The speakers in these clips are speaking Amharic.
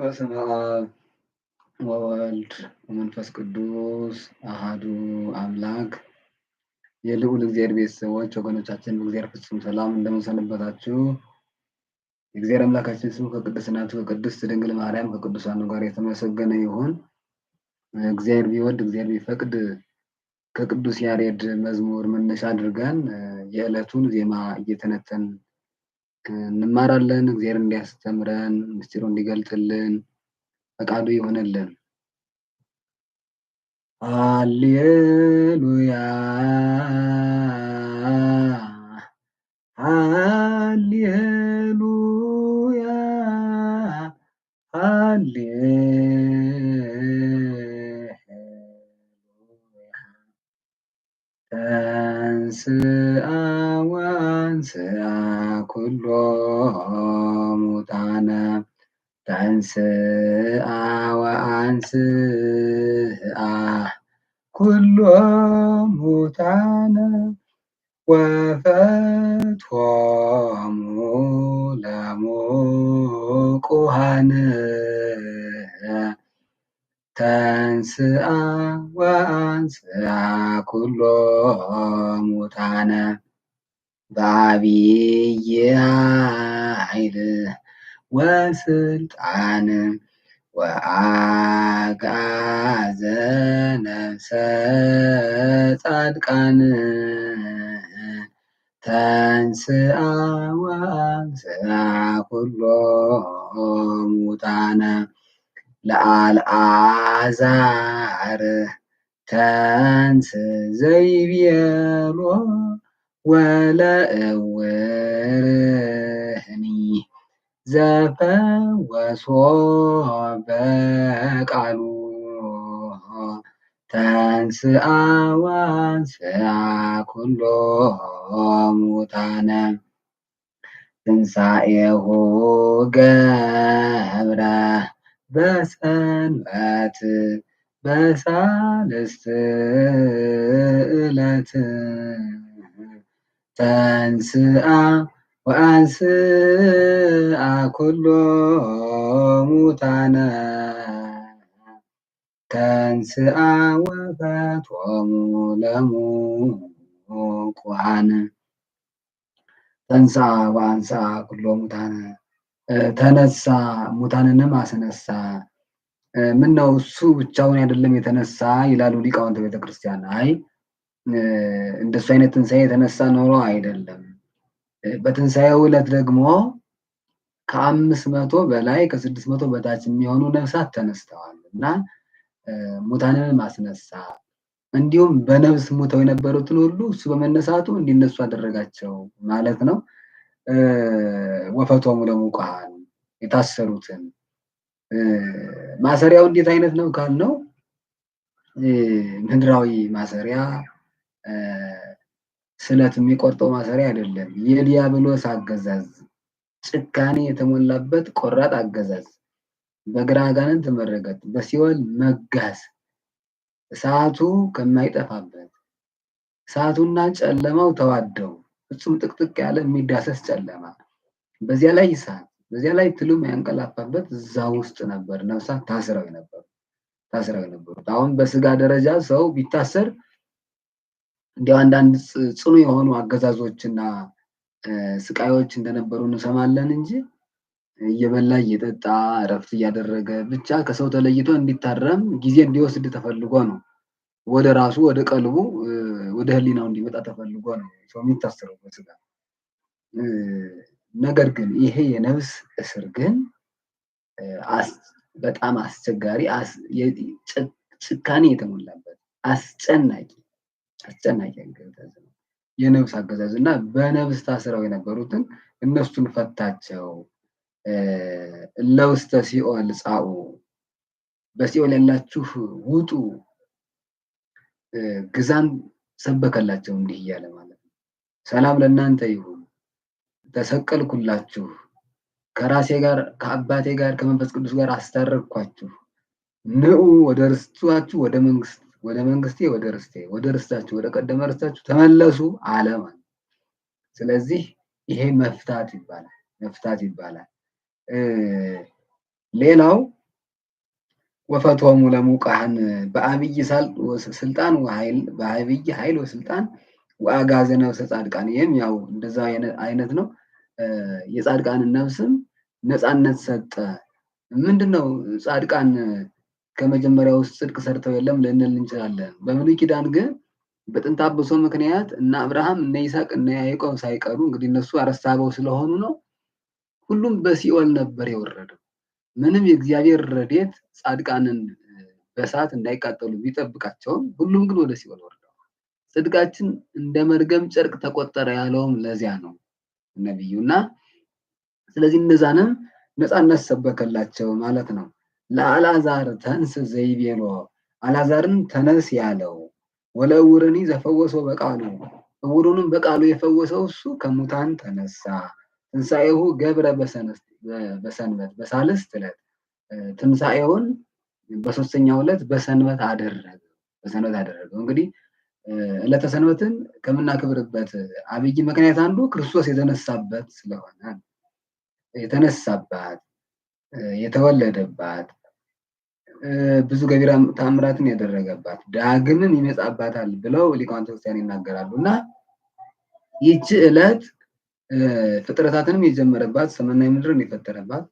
በስመ አብ ወወልድ ወመንፈስ ቅዱስ አሃዱ አምላክ። የልዑል እግዚአብሔር ቤተሰቦች ወገኖቻችን በእግዚአብሔር ፍጹም ሰላም እንደምንሰንበታችሁ የእግዚአብሔር አምላካችን ስሙ ከቅድስናቱ ከቅድስት ድንግል ማርያም ከቅዱሳኑ ጋር የተመሰገነ ይሁን። እግዚአብሔር ቢወድ እግዚአብሔር ቢፈቅድ ከቅዱስ ያሬድ መዝሙር መነሻ አድርገን የዕለቱን ዜማ እየተነተን እንማራለን። እግዚአብሔር እንዲያስተምረን ምስጢሩ እንዲገልጥልን ፈቃዱ ይሆንልን። ሃሌሉያ ሙጣነ ተንስአ ወአንስአ ኩሎ ሙታነ ወፈትሖሙ ለሙቁሃነ ተንስአ ወአንስአ ኩሎ ሙታነ በአብይ ኃይል ወስልጣን ወአግዓዘ ነፍሰ ጻድቃን ተንስአ ወአንስአ ኩሎ ሙታነ ለአልዓዛር ተንስ ዘይብየሎ ወለእውርህኒ ዘፈወሶበ ቃሉ ተንስአ ወንስአ ኩሎ ሙታነ ትንሣኤሁ ገብረ በሰንበት በሳልስት ዕለት ተንስአ ወአንስአ ኩሎ ሙታነ ተንስአ ወፈቶሙ ተንስአ ወአንስአ ኩሎ ሙታነ ተነሳ ሙታንንም አስነሳ። ምነው እሱ ብቻውን አይደለም የተነሳ ይላሉ ሊቃውንተ ቤተክርስቲያን። አይ እንደሱ አይነት ትንሳኤ የተነሳ ኖሮ አይደለም። በትንሳኤው ዕለት ደግሞ ከአምስት መቶ በላይ ከስድስት መቶ በታች የሚሆኑ ነፍሳት ተነስተዋል እና ሙታንን ማስነሳ እንዲሁም በነብስ ሙተው የነበሩትን ሁሉ እሱ በመነሳቱ እንዲነሱ አደረጋቸው ማለት ነው። ወፈቶሙ ለሙቃን የታሰሩትን ማሰሪያው እንዴት አይነት ነው ነው ምድራዊ ማሰሪያ ስለት የሚቆርጠው ማሰሪያ አይደለም። የዲያብሎስ አገዛዝ ጭካኔ የተሞላበት ቆራጥ አገዛዝ፣ በግራ አጋንንት መረገጥ፣ በሲኦል መጋዝ፣ እሳቱ ከማይጠፋበት እሳቱና ጨለማው ተዋደው ፍጹም ጥቅጥቅ ያለ የሚዳሰስ ጨለማ፣ በዚያ ላይ እሳት፣ በዚያ ላይ ትሉም ያንቀላፋበት እዛ ውስጥ ነበር ነፍሳት ታስረው የነበሩ ታስረው የነበሩት። አሁን በስጋ ደረጃ ሰው ቢታሰር እንዲያው አንዳንድ ጽኑ የሆኑ አገዛዞችና ስቃዮች እንደነበሩ እንሰማለን እንጂ እየበላ እየጠጣ እረፍት እያደረገ ብቻ ከሰው ተለይቶ እንዲታረም ጊዜ እንዲወስድ ተፈልጎ ነው። ወደ ራሱ ወደ ቀልቡ ወደ ህሊናው እንዲመጣ ተፈልጎ ነው ሰው የሚታሰረው በስጋ። ነገር ግን ይሄ የነፍስ እስር ግን በጣም አስቸጋሪ፣ ጭካኔ የተሞላበት አስጨናቂ አስጨናቂ አገዛዝ ነው። የነብስ አገዛዝ እና በነብስ ታስረው የነበሩትን እነሱን ፈታቸው። ለውስተ ሲኦል ጻኡ፣ በሲኦል ያላችሁ ውጡ። ግዛን ሰበከላቸው እንዲህ እያለ ማለት ነው። ሰላም ለእናንተ ይሁን፣ ተሰቀልኩላችሁ፣ ከራሴ ጋር ከአባቴ ጋር ከመንፈስ ቅዱስ ጋር አስታረቅኳችሁ፣ ንዑ ወደ ርስታችሁ ወደ መንግስት ወደ መንግስቴ ወደ ርስቴ ወደ ርስታችሁ ወደ ቀደመ ርስታችሁ ተመለሱ አለ ማለት። ስለዚህ ይሄ መፍታት ይባላል መፍታት ይባላል። ሌላው ወፈቶሙ ለሙቃህን በአብይ ስልጣን በአብይ ሀይል ወስልጣን ወአጋዘ ነብሰ ጻድቃን ይህም ያው እንደዛ አይነት ነው። የጻድቃን ነብስም ነፃነት ሰጠ። ምንድነው ጻድቃን ከመጀመሪያ ውስጥ ጽድቅ ሰርተው የለም ልንል እንችላለን። በብሉይ ኪዳን ግን በጥንታብሶ አብሶ ምክንያት እነ አብርሃም እነ ይስሐቅ እነ ያዕቆብ ሳይቀሩ እንግዲህ እነሱ አረስተ አበው ስለሆኑ ነው፣ ሁሉም በሲኦል ነበር የወረደው። ምንም የእግዚአብሔር ረድኤት ጻድቃንን በእሳት እንዳይቃጠሉ ቢጠብቃቸውም ሁሉም ግን ወደ ሲኦል ወርደዋል። ጽድቃችን እንደ መርገም ጨርቅ ተቆጠረ ያለውም ለዚያ ነው ነቢዩና። ስለዚህ እነዛንም ነፃነት ሰበከላቸው ማለት ነው። ለአላዛር ተንስ ዘይቤሎ አልዓዛርን ተነስ ያለው ወለዕውርኒ ዘፈወሰው በቃሉ እውሩንም በቃሉ የፈወሰው እሱ ከሙታን ተነሳ። ትንሣኤሁ ገብረ በሰንበት በሳልስት ዕለት ትንሣኤውን በሶስተኛው ዕለት በሰንበት አደረገ በሰንበት አደረገው። እንግዲህ ዕለተ ሰንበትን ከምናክብርበት አብይ ምክንያት አንዱ ክርስቶስ የተነሳበት ስለሆነ የተነሳባት የተወለደባት ብዙ ገቢራ ታምራትን ያደረገባት ዳግምም ይመጻባታል ብለው ሊቃውንተ ክርስቲያን ይናገራሉ እና ይቺ ዕለት ፍጥረታትንም የጀመረባት ሰማይና ምድርን የፈጠረባት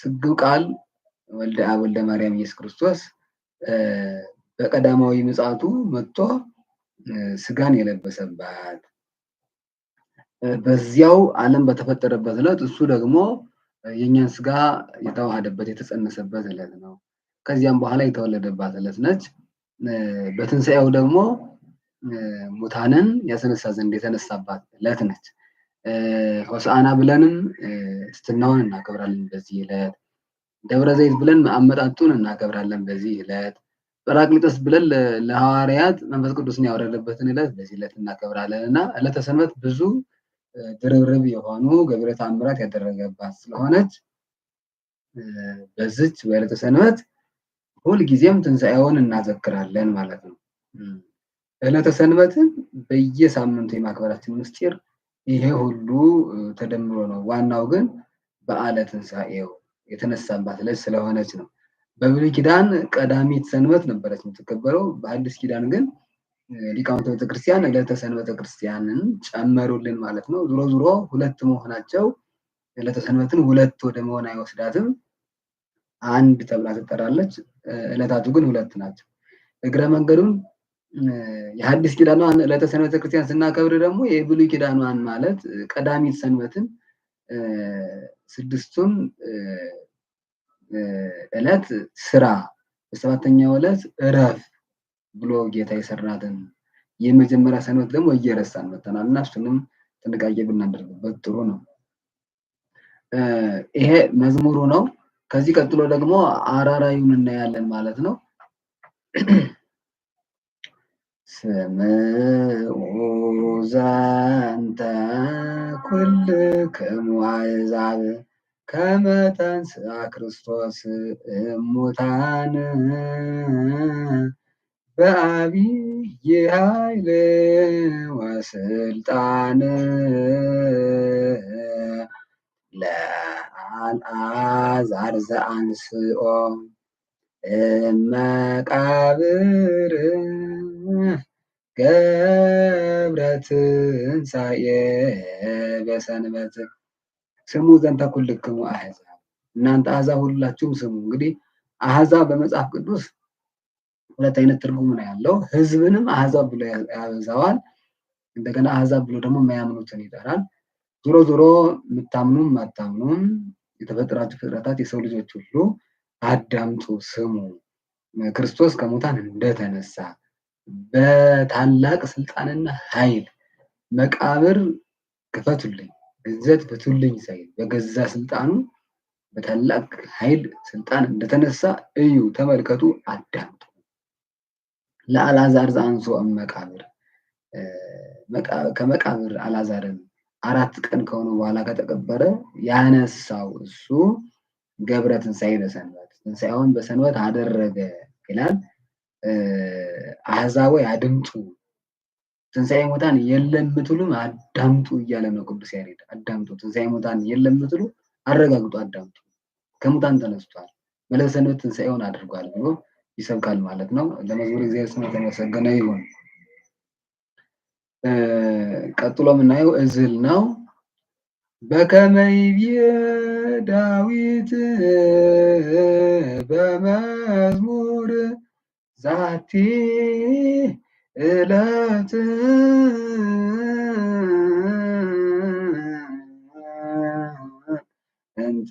ስግው ቃል ወልደ አብ ወልደ ማርያም ኢየሱስ ክርስቶስ በቀዳማዊ ምጻቱ መጥቶ ስጋን የለበሰባት በዚያው ዓለም በተፈጠረበት ዕለት እሱ ደግሞ የእኛን ስጋ የተዋሃደበት የተጸነሰበት እለት ነው። ከዚያም በኋላ የተወለደባት እለት ነች። በትንሳኤው ደግሞ ሙታንን ያስነሳ ዘንድ የተነሳባት እለት ነች። ሆሳአና ብለንም ስትናውን እናከብራለን በዚህ እለት ደብረ ዘይት ብለን አመጣጡን እናከብራለን በዚህ እለት ጵራቅሊጦስ ብለን ለሐዋርያት መንፈስ ቅዱስን ያወረደበትን እለት በዚህ እለት እናከብራለን እና ዕለተ ብዙ ድርብርብ የሆኑ ገብረ ተአምራት ያደረገባት ስለሆነች በዚች በዕለተ ሰንበት ሁልጊዜም ትንሣኤውን እናዘክራለን ማለት ነው። ዕለተ ሰንበትን በየሳምንቱ የማክበራችን ምስጢር ይሄ ሁሉ ተደምሮ ነው። ዋናው ግን በዓለ ትንሣኤው የተነሳባት ዕለት ስለሆነች ነው። በብሉይ ኪዳን ቀዳሚት ሰንበት ነበረች የምትከበረው። በአዲስ ኪዳን ግን ሊቃውንተ ቤተክርስቲያን ዕለተ ሰንበተ ክርስቲያንን ጨመሩልን ማለት ነው። ዙሮ ዙሮ ሁለት መሆናቸው ዕለተ ሰንበትን ሁለት ወደ መሆን አይወስዳትም። አንድ ተብላ ትጠራለች። ዕለታቱ ግን ሁለት ናቸው። እግረ መንገዱም የሐዲስ ኪዳኗን ዕለተ ሰንበተ ክርስቲያን ስናከብር ደግሞ የብሉይ ኪዳኗን ማለት ቀዳሚት ሰንበትን ስድስቱን ዕለት ስራ፣ በሰባተኛው ዕለት እረፍ ብሎ ጌታ የሰራትን የመጀመሪያ ሰንበት ደግሞ እየረሳን መተናል እና እሱንም ጥንቃቄ ብናደርግበት ጥሩ ነው። ይሄ መዝሙሩ ነው። ከዚህ ቀጥሎ ደግሞ አራራዩን እናያለን ማለት ነው። ስምዑ ዘንተ ኩልክሙ አሕዛብ ከመ ተንሥአ ክርስቶስ እሙታን በአብይ ኃይል ወስልጣን ለአልዓዛር ዘአንስኦ እመቃብር ገብረ ትንሣኤ በሰንበት ስሙ ዘንተ ኩልክሙ አሕዛብ እናንተ አሕዛብ ሁላችሁም ስሙ። እንግዲህ አሕዛብ በመጽሐፍ ቅዱስ ሁለት አይነት ትርጉም ነው ያለው። ህዝብንም አህዛብ ብሎ ያበዛዋል። እንደገና አህዛብ ብሎ ደግሞ የማያምኑትን ይጠራል። ዞሮ ዞሮ የምታምኑም አታምኑም የተፈጠራችሁ ፍጥረታት የሰው ልጆች ሁሉ አዳምጡ፣ ስሙ። ክርስቶስ ከሙታን እንደተነሳ በታላቅ ስልጣንና ኃይል መቃብር ክፈቱልኝ፣ ግዘት ፍቱልኝ ሳይል በገዛ ስልጣኑ በታላቅ ኃይል ስልጣን እንደተነሳ እዩ፣ ተመልከቱ፣ አዳምጡ። ለአልዓዛር ዘአንሶ መቃብር ከመቃብር አልዓዛርን አራት ቀን ከሆነ በኋላ ከተቀበረ ያነሳው እሱ ገብረ ትንሣኤ በሰንበት ትንሣኤውን በሰንበት አደረገ ይላል። አህዛቦ አድምጡ፣ ትንሣኤ ሙታን የለምትሉ አዳምጡ እያለ ነው ቅዱስ ያሬድ። አዳምጡ፣ ትንሣኤ ሙታን የለምትሉ አረጋግጡ፣ አዳምጡ፣ ከሙታን ተነስቷል፣ መለሰ ሰንበት ትንሣኤውን አድርጓል ብሎ ይሰብካል ማለት ነው። ለመዝሙር እግዚአብሔር ስም የተመሰገነ ይሁን። ቀጥሎ የምናየው እዝል ነው። በከመይቤ ዳዊት በመዝሙር ዛቲ እለት እንተ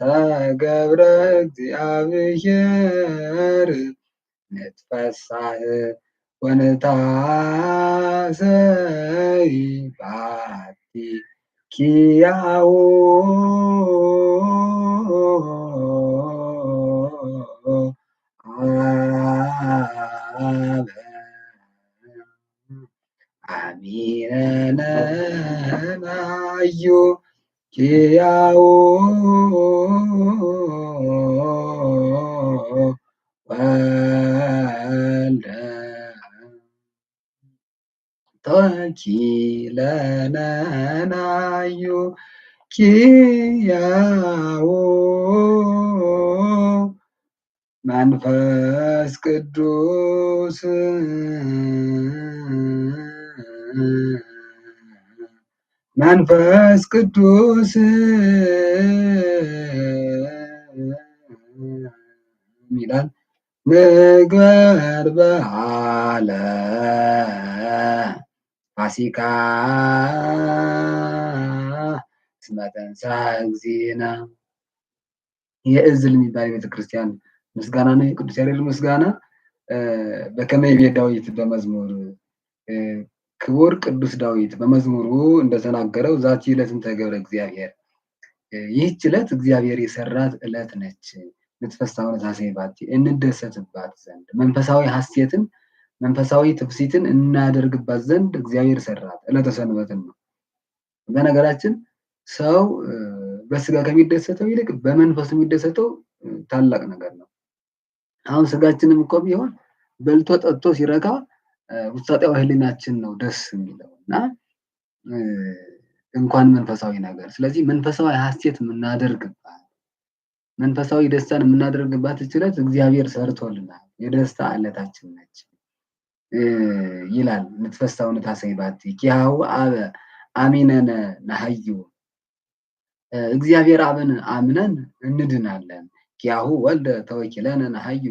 ገብረ እግዚአብሔር እምትፈሳህ ወንታሰይ ባቲ ኪያው አበ አሚረነናዩ ኪያው ወ ኪለነናዩ ኪያዎ መንፈስ ቅዱስ መንፈስ ቅዱስ ይላል። ምግበር በዓለ ማሲካ እስመ ተንሥአ እግዚእነ የእዝል የሚባል የቤተክርስቲያን ምስጋና ነው። የቅዱስ ያሬድ ምስጋና በከመ ይቤ ዳዊት በመዝሙር ክቡር ቅዱስ ዳዊት በመዝሙሩ እንደተናገረው ዛቲ ዕለት እንተ ገብረ እግዚአብሔር፣ ይህች ዕለት እግዚአብሔር የሰራት ዕለት ነች። ንትፈስሕ አሁነ ታሴባቲ፣ እንደሰትባት ዘንድ መንፈሳዊ ሐሴትን መንፈሳዊ ትኩሲትን እናደርግባት ዘንድ እግዚአብሔር ሰራት። ዕለተ ሰንበትን ነው። በነገራችን ሰው በስጋ ከሚደሰተው ይልቅ በመንፈሱ የሚደሰተው ታላቅ ነገር ነው። አሁን ስጋችንም እኮ ቢሆን በልቶ ጠጥቶ ሲረካ ውስጣዊ ህሊናችን ነው ደስ የሚለው እና እንኳን መንፈሳዊ ነገር። ስለዚህ መንፈሳዊ ሀሴት የምናደርግባት መንፈሳዊ ደስታን የምናደርግባት ችለት እግዚአብሔር ሰርቶልናል። የደስታ ዕለታችን ነች። ይላል ንትፈሳው ንታሰይባት ኪሃው አበ አሚነነ ናሀዩ እግዚአብሔር አብን አምነን እንድናለን። ኪያሁ ወልደ ተወኪለነ ናሀዩ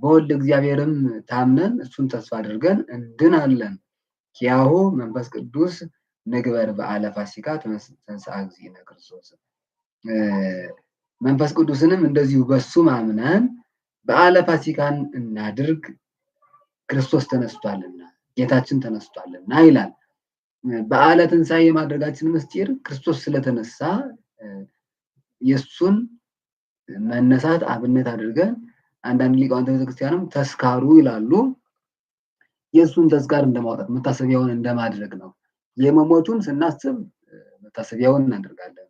በወልድ እግዚአብሔርም ታምነን እሱን ተስፋ አድርገን እንድናለን። ኪያሁ መንፈስ ቅዱስ ንግበር በዓለ ፋሲካ ተንሥአ እግዚእነ ክርስቶስ መንፈስ ቅዱስንም እንደዚሁ በሱ አምነን በዓለ ፋሲካን እናድርግ ክርስቶስ ተነስቷልና ጌታችን ተነስቷልና ይላል። በዓለ ትንሣኤ የማድረጋችን ምስጢር ክርስቶስ ስለተነሳ የእሱን መነሳት አብነት አድርገን አንዳንድ ሊቃውንተ ቤተክርስቲያንም ተስካሩ ይላሉ። የእሱን ተስካር እንደማውጣት መታሰቢያውን እንደማድረግ ነው። የመሞቱን ስናስብ መታሰቢያውን እናደርጋለን።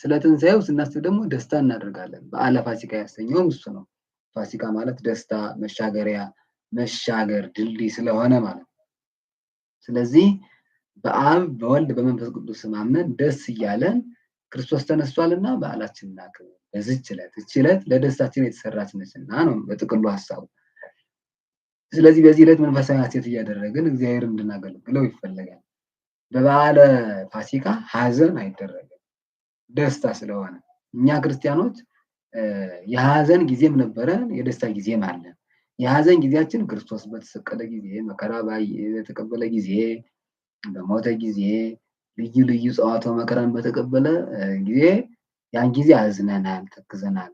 ስለ ትንሣኤው ስናስብ ደግሞ ደስታ እናደርጋለን። በዓለ ፋሲካ ያሰኘውም እሱ ነው። ፋሲካ ማለት ደስታ፣ መሻገሪያ መሻገር ድልድይ ስለሆነ ማለት ነው። ስለዚህ በአብ በወልድ በመንፈስ ቅዱስ ማመን ደስ እያለን ክርስቶስ ተነስቷልና በዓላችን እናክብር። በዚች ዕለት እች ዕለት ለደስታችን የተሰራች ነችና ነው በጥቅሉ ሀሳቡ። ስለዚህ በዚህ ዕለት መንፈሳዊ ሐሴት እያደረግን እግዚአብሔር እንድናገለግለው ይፈለጋል። በበዓለ ፋሲካ ሀዘን አይደረግም ደስታ ስለሆነ እኛ ክርስቲያኖች የሀዘን ጊዜም ነበረን የደስታ ጊዜም አለን። የሀዘን ጊዜያችን ክርስቶስ በተሰቀለ ጊዜ፣ መከራ በተቀበለ ጊዜ፣ በሞተ ጊዜ፣ ልዩ ልዩ ጸዋቶ መከራን በተቀበለ ጊዜ ያን ጊዜ አዝነናል፣ ተክዘናል፣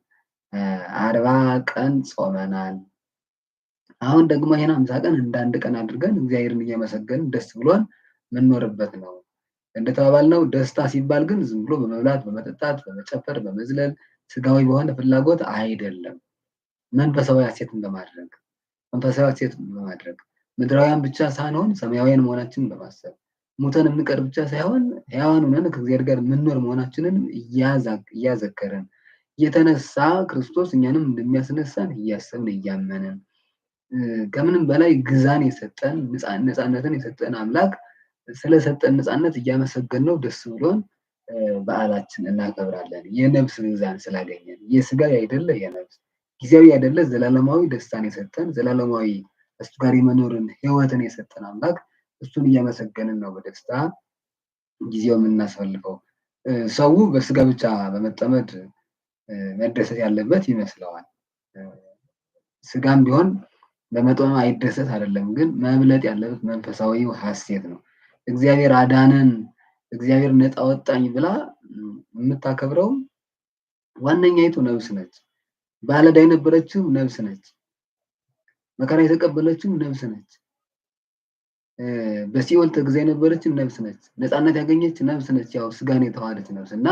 አርባ ቀን ጾመናል። አሁን ደግሞ ይህን አምሳ ቀን አንድ ቀን አድርገን እግዚአብሔርን እየመሰገንን ደስ ብሎን ምንኖርበት ነው። ነው ደስታ ሲባል ግን ዝም ብሎ በመብላት በመጠጣት በመጨፈር በመዝለል ስጋዊ በሆነ ፍላጎት አይደለም። መንፈሳዊ ሐሴትን በማድረግ መንፈሳዊ ሐሴትን በማድረግ ምድራውያን ብቻ ሳንሆን ሰማያውያን መሆናችንን በማሰብ ሙተን የምንቀር ብቻ ሳይሆን ሕያዋን ሆነን ከእግዚአብሔር ጋር የምንኖር መሆናችንን እያዘከረን የተነሳ ክርስቶስ እኛንም እንደሚያስነሳን እያሰብን እያመንን ከምንም በላይ ግዛን የሰጠን ነፃነትን የሰጠን አምላክ ስለሰጠን ነፃነት እያመሰገን ነው ደስ ብሎን በዓላችን እናከብራለን። የነብስ ግዛን ስላገኘን የስጋ አይደለ የነብስ ጊዜያዊ አይደለ ዘላለማዊ ደስታን የሰጠን ዘላለማዊ እሱ ጋር የመኖርን ህይወትን የሰጠን አምላክ እሱን እያመሰገንን ነው በደስታ ጊዜው የምናሳልፈው። ሰው በስጋ ብቻ በመጠመድ መደሰት ያለበት ይመስለዋል። ስጋም ቢሆን በመጠኑ አይደሰት አይደለም፣ ግን መብለጥ ያለበት መንፈሳዊ ሀሴት ነው። እግዚአብሔር አዳነን፣ እግዚአብሔር ነፃ ወጣኝ ብላ የምታከብረው ዋነኛይቱ ነብስ ነች። ባለዕዳ የነበረችው ነብስ ነች። መከራ የተቀበለችው ነፍስ ነች። በሲኦል ተግዛ የነበረች ነፍስ ነች። ነፃነት ያገኘች ነፍስ ነች። ያው ስጋን የተዋለች ነብስ እና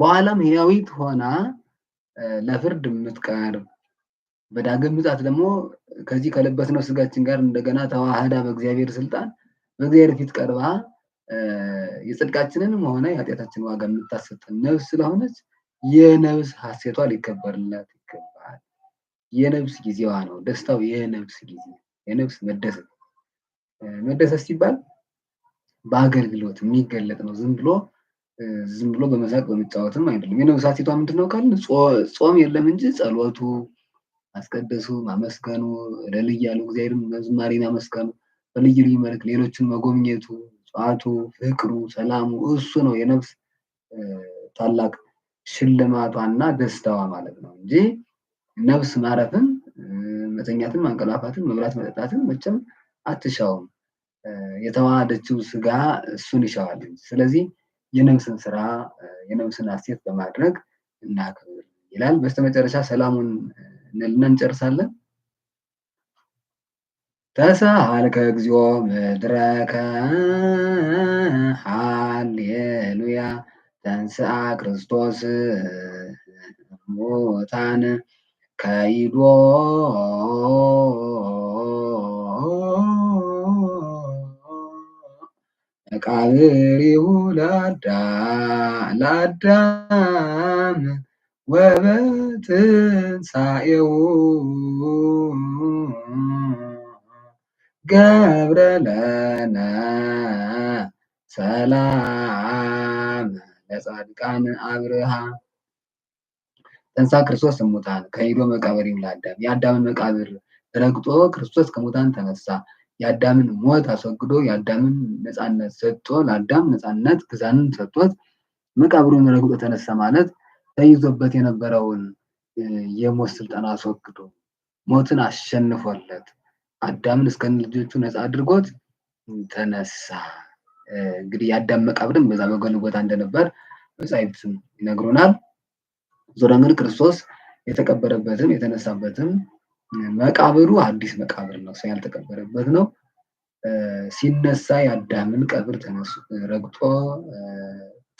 በኋላም ህያዊት ሆና ለፍርድ የምትቀርብ በዳግም ምጽአት ደግሞ ከዚህ ከለበስነው ስጋችን ጋር እንደገና ተዋህዳ በእግዚአብሔር ስልጣን በእግዚአብሔር ፊት ቀርባ የጽድቃችንንም ሆነ የኃጢአታችን ዋጋ የምታሰጥ ነብስ ስለሆነች የነብስ ሀሴቷ ሊከበርላት ይገባል። የነብስ ጊዜዋ ነው። ደስታው የነብስ ጊዜ የነብስ መደሰት መደሰት ሲባል በአገልግሎት የሚገለጥ ነው። ዝም ብሎ ዝም ብሎ በመሳቅ በመጫወትም አይደለም። የነብስ ሀሴቷ ምንድን ነው ካልን ጾም የለም እንጂ ጸሎቱ፣ ማስቀደሱ፣ ማመስገኑ፣ ለልይ ያሉ እግዚአብሔርን መዝማሪ ማመስገኑ፣ በልዩ ልዩ መልክ ሌሎችን መጎብኘቱ፣ ጸዋቱ፣ ፍቅሩ፣ ሰላሙ እሱ ነው የነብስ ታላቅ ሽልማቷና ደስታዋ ማለት ነው እንጂ ነፍስ ማረፍን፣ መተኛትን፣ ማንቀላፋትን፣ መብላት መጠጣትን መቼም አትሻውም። የተዋሃደችው ስጋ እሱን ይሻዋል ስለዚህ የነፍስን ስራ የነፍስን አሴት በማድረግ እናክብር ይላል። በስተመጨረሻ ሰላሙን እንልና እንጨርሳለን። ተሳሃልከ እግዚኦ ምድረከ ሃሌሉያ ተንስአ ክርስቶስ ሙታን ከይዶ መቃብሪሁ ለአዳም ወበትንሣኤው ገብረ ለነ ሰላም ለጻድቃን አብርሃ ተንሳ ክርስቶስ እሙታን ከሄዶ መቃብር ለአዳም የአዳምን መቃብር ረግጦ ክርስቶስ ከሙታን ተነሳ። የአዳምን ሞት አስወግዶ የአዳምን ነፃነት ሰጥቶ ለአዳም ነፃነት ግዛንን ሰጥቶት መቃብሩን ረግጦ ተነሳ ማለት ተይዞበት የነበረውን የሞት ስልጠና አስወግዶ ሞትን አሸንፎለት አዳምን እስከ ልጆቹ ነፃ አድርጎት ተነሳ። እንግዲህ ያዳመቀ አብድም በዛ በገሉ ቦታ እንደነበር መጻሕፍት ይነግሩናል። ዞሮ ግን ክርስቶስ የተቀበረበትም የተነሳበትም መቃብሩ አዲስ መቃብር ነው፣ ሰው ያልተቀበረበት ነው። ሲነሳ የአዳምን ቀብር ረግጦ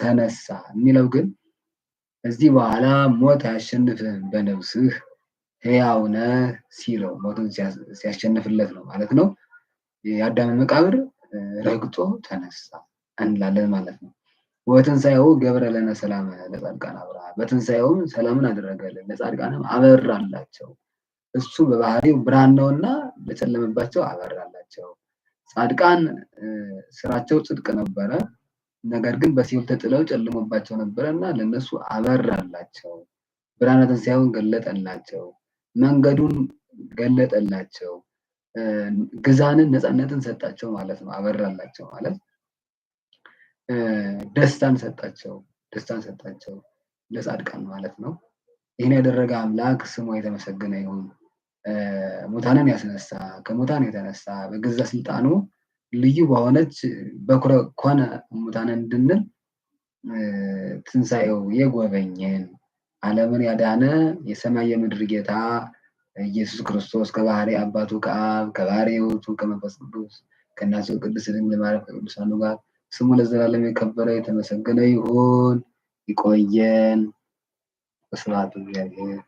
ተነሳ የሚለው ግን እዚህ በኋላ ሞት አያሸንፍህም በነብስህ ሕያው ሲለው ሞቱን ሲያሸንፍለት ነው ማለት ነው። የአዳምን መቃብር ረግጦ ተነሳ እንላለን ማለት ነው። ወትንሣኤው ገብረ ለነ ሰላም ለጻድቃን አብራ በትንሣኤውም ሰላምን አደረገልን ለጻድቃንም አበራላቸው። እሱ በባህሪው ብርሃን ነውና ለጨለመባቸው አበራላቸው። ጻድቃን ስራቸው ጽድቅ ነበረ፣ ነገር ግን በሲኦል ተጥለው ጨልሞባቸው ነበረ እና ለነሱ አበራላቸው። ብርሃነ ትንሣኤውን ገለጠላቸው፣ መንገዱን ገለጠላቸው። ግዛንን ነፃነትን ሰጣቸው ማለት ነው። አበራላቸው ማለት ደስታን ሰጣቸው፣ ደስታን ሰጣቸው ለጻድቃን ማለት ነው። ይህን ያደረገ አምላክ ስሙ የተመሰገነ ይሁን። ሙታንን ያስነሳ ከሙታን የተነሳ በገዛ ስልጣኑ ልዩ በሆነች በኩረ ኮነ ሙታንን እንድንል ትንሣኤው የጎበኘን አለምን ያዳነ የሰማይ የምድር ጌታ ኢየሱስ ክርስቶስ ከባህሪ አባቱ ከአብ ከባህሪ ሕይወቱ ከመንፈስ ቅዱስ ከእናቱ ቅድስት ድንግል ማርያም ከቅዱሳኑ ጋር ስሙ ለዘላለም የከበረ የተመሰገነ ይሁን። ይቆየን። በስብሐት እግዚአብሔር